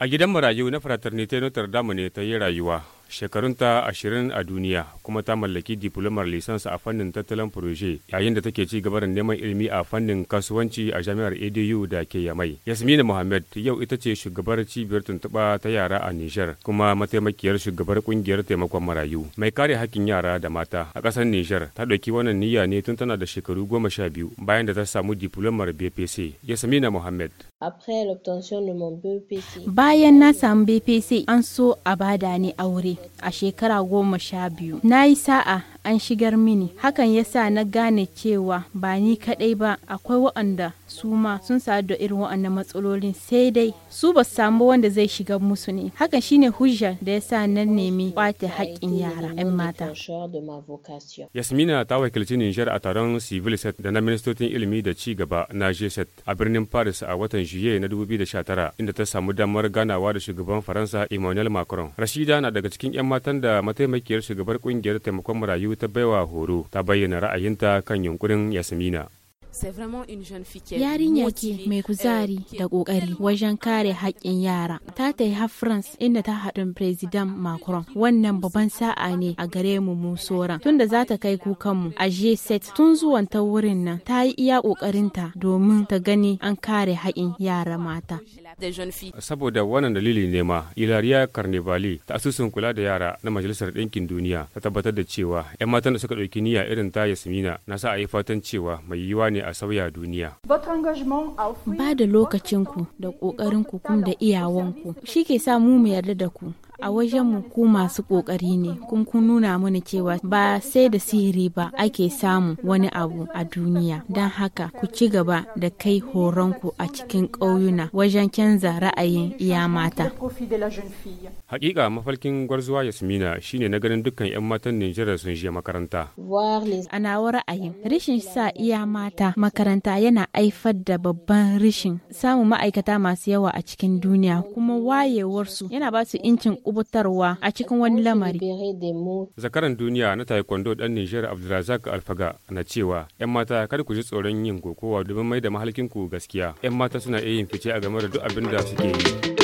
A gidan marayu na Fraternité Notre Dame ne ta yi rayuwa. shekarunta ashirin a duniya kuma ta mallaki diplomar lisansa a fannin tattalin proje yayin da take ci gaba da neman ilimi a fannin kasuwanci a jami'ar edu da ke yamai yasmina mohammed yau ita ce shugabar cibiyar tuntuɓa ta yara a nijar kuma mataimakiyar shugabar kungiyar taimakon marayu mai kare hakkin yara da mata a ƙasar nijar ta ɗauki wannan niyya ne tun tana da shekaru goma sha biyu bayan da ta samu diplomar bpc yasmina muhammad bayan na samu bpc an so a bada ni aure a shekara goma sha biyu. Na yi sa'a an shigar mini, hakan ya sa na gane cewa ba ni kaɗai ba akwai waɗanda su ma sun sadu da irin waɗannan matsalolin sai dai su ba su samu wanda zai shiga musu ne hakan shine hujja da ya sa nan nemi kwace haƙƙin yara 'yan mata yasmina ta wakilci nijar a taron civil set da na ministocin ilimi da ci gaba na gset a birnin paris a watan juye na 2019 inda ta samu damar ganawa da shugaban faransa emmanuel macron rashida na daga cikin 'yan matan da mataimakiyar shugabar kungiyar taimakon marayu ta baiwa horo ta bayyana ra'ayinta kan yunkurin yasmina Yarinya ke mai kuzari euh, da ƙoƙari wajen kare haƙƙin yara. Ta ta yi har France inda ta haɗin President Macron. Wannan babban sa'a ne a gare mu mu soran. Tunda za ta kai kukanmu a G7 tun zuwan ta wurin nan ta yi iya ƙoƙarinta domin ta gani an kare haƙƙin yara mata. Saboda wannan dalili ne ma, Ilaria Carnivali ta asusun kula da yara na Majalisar Ɗinkin Duniya ta tabbatar da cewa 'yan matan da suka ɗauki niyya irin ta Yasmina na sa a yi fatan cewa mai yiwa ne ne a sauya duniya. Ba da lokacinku da ƙoƙarinku kuma da iyawanku shi ke sa mu mu yarda da ku a wajen mu ku masu kokari ne kun kun nuna mana cewa ba sai da sihiri ba ake samun wani abu a duniya don haka ku ci gaba da kai horonku a cikin ƙauyuna wajen canza ra'ayin iya mata hakika mafalkin gwarzuwa yasmina shine na ganin dukkan 'yan matan nijar sun je makaranta A nawa ra'ayin rishin sa iya mata makaranta yana aifar da babban rishin samun ma'aikata masu yawa a cikin duniya kuma wayewarsu yana ba su incin kubutarwa a cikin wani lamari. Zakaran duniya na taekwondo dan Nijar Abdulrazak Alfaga na cewa 'yan mata kada ku ji tsoron yin kokowa domin mai da mahalkinku gaskiya. 'Yan mata suna iya yin fice a game da duk abin da suke yi.